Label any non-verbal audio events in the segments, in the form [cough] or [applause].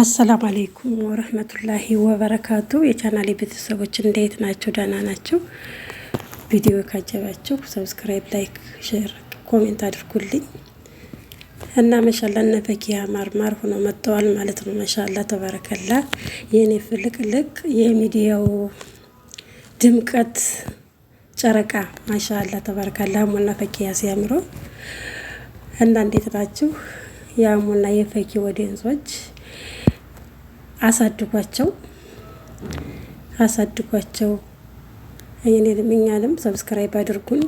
አሰላም አሌይኩም ወረህመቱላሂ ወበረካቱ። የቻናሌ ቤተሰቦች እንዴት ናቸው? ደህና ናቸው። ቪዲዮ ካጀባቸው ሰብስክራይብ፣ ላይክ፣ ሼር፣ ኮሜንት አድርጉልኝ እና መሻላ እነ ፈኪሀ ማርማር ሆኖ መጥተዋል ማለት ነው። መሻላ ተባረከላ። የእኔ ፍልቅልቅ የሚዲያው ድምቀት ጨረቃ ማሻላ ተባረከላ። ሞና ፈኪያ ሲያምሮ እና እንዴት ናችሁ? የአሙና የፈኪ ወደንሶች አሳድጓቸው አሳድጓቸው። እኔንም እኛንም ሰብስክራይብ አድርጉን።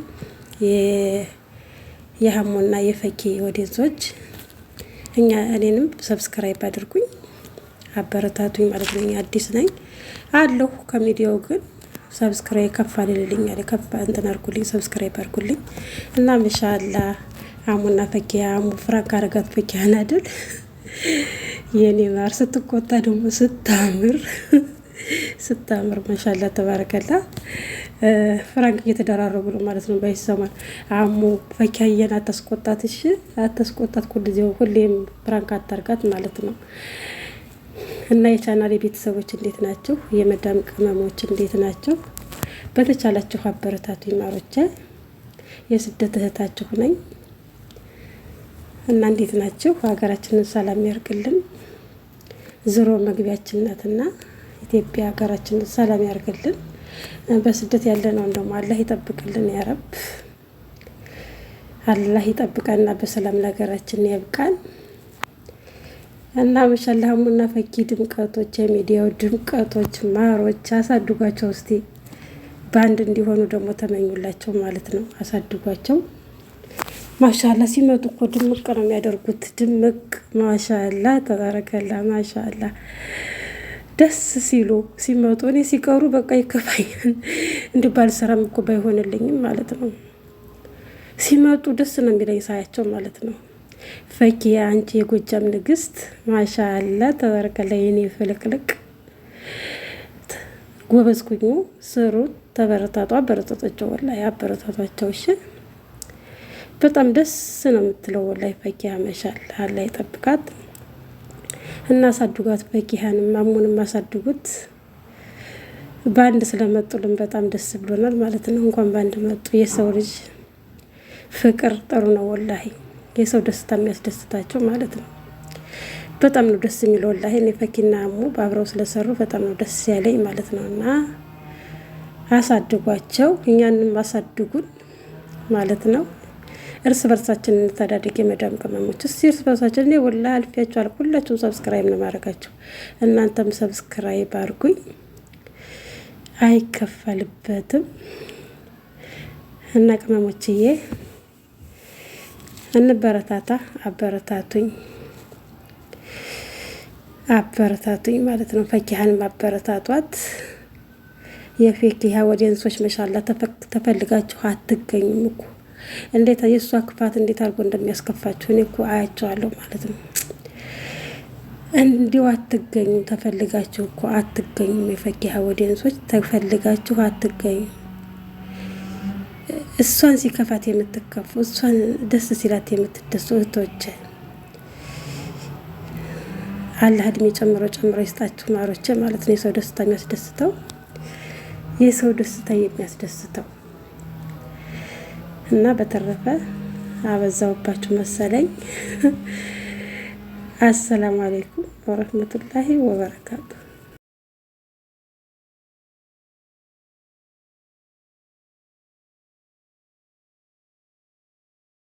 የሀሞና የፈኪ ወዴንሶች እኛ እኔንም ሰብስክራይብ አድርጉኝ፣ አበረታቱኝ ማለት ነው። አዲስ ነኝ አለሁ ከሚዲያው ግን ሰብስክራይብ ከፍ አልልልኝ አለ ከፍ እንትን አድርጉልኝ፣ ሰብስክራይብ አድርጉልኝ እና ኢንሻአላህ አሙና ፈኪያ አሙ ፍራንክ አረጋት ፈኪያ ናድል የኔ ማር ስትቆጣ ደግሞ ስታምር ስታምር ማሻላ ተባረከላ። ፍራንክ እየተደራረቡ ነው ማለት ነው። ባይሰማል አሞ ፈኪያየን አታስቆጣት፣ እሺ አታስቆጣት። ሁልጊዜው ሁሌም ፍራንክ አታርጋት ማለት ነው። እና የቻናል የቤተሰቦች እንዴት ናቸው? የመዳም ቅመሞች እንዴት ናቸው? በተቻላችሁ አበረታቱ ይማሮቼ፣ የስደት እህታችሁ ነኝ እና እንዴት ናቸው? ሀገራችንን ሰላም ያርግልን። ዝሮ መግቢያችን ናትና ኢትዮጵያ ሀገራችን ሰላም ያርግልን። በስደት ያለነውን እንደሞ አላህ ይጠብቅልን ያረብ አላህ ይጠብቀንና በሰላም ለሀገራችን ያብቃን። እና መሻላ ሙና ፈኪ ድምቀቶች፣ የሚዲያው ድምቀቶች ማሮች አሳድጓቸው እስቲ በአንድ እንዲሆኑ ደግሞ ተመኙላቸው ማለት ነው። አሳድጓቸው ማሻላ ሲመጡ እኮ ድምቅ ነው የሚያደርጉት። ድምቅ ማሻላ ተባረከላ ማሻላ ደስ ሲሉ ሲመጡ፣ እኔ ሲቀሩ በቃ ይከፋኛል። እንዲህ ባልሰራም እኮ ባይሆንልኝም ማለት ነው። ሲመጡ ደስ ነው የሚለኝ ሳያቸው ማለት ነው። ፈኪ አንቺ የጎጃም ንግስት ማሻላ ተበረከላ የኔ ፍልቅልቅ ጎበዝ ኩኙ ስሩ፣ ተበረታቷ፣ አበረታቷቸው፣ ወላሂ አበረታቷቸው። እሺ በጣም ደስ ነው የምትለው ላይ ፈኪ መሻል አላ ይጠብቃት እና አሳድጓት። ፈኪሀንም አሙንም አሳድጉት። በአንድ ስለመጡልን በጣም ደስ ብሎናል ማለት ነው። እንኳን በአንድ መጡ። የሰው ልጅ ፍቅር ጥሩ ነው ወላሂ። የሰው ደስታ የሚያስደስታቸው ማለት ነው። በጣም ነው ደስ የሚል ወላሂ። እኔ ፈኪና አሙ አብረው ስለሰሩ በጣም ነው ደስ ያለኝ ማለት ነው። እና አሳድጓቸው እኛንም አሳድጉን ማለት ነው። እርስ በርሳችን እንተዳደግ። የመዳም ቅመሞች እስ እርስ በርሳችን እኔ ወላ አልፌያችኋል። ሁላችሁም ሰብስክራይብ ነው እናንተም ሰብስክራይብ አድርጉኝ፣ አይከፈልበትም። እና ቅመሞችዬ እንበረታታ፣ አበረታቱኝ አበረታቱኝ ማለት ነው። ፈኪሀን ማበረታቷት የፌኪሀ ወዲንሶች መሻላ ተፈልጋችሁ አትገኙም እኮ እንዴት የእሷ ክፋት እንዴት አድርጎ እንደሚያስከፋችሁ እኔ እኮ አያቸዋለሁ ማለት ነው። እንዲሁ አትገኙም፣ ተፈልጋችሁ እኮ አትገኙም። የፈኪሀ ወዲንሶች ተፈልጋችሁ አትገኙም። እሷን ሲከፋት የምትከፉ እሷን ደስ ሲላት የምትደሱ እህቶች አላህ እድሜ ጨምሮ ጨምሮ ይስጣችሁ ማሮች ማለት ነው። የሰው ደስታ የሚያስደስተው የሰው ደስታ የሚያስደስተው እና በተረፈ አበዛውባችሁ መሰለኝ። [laughs] አሰላሙ አሌይኩም ወረህመቱላሂ ወበረካቱ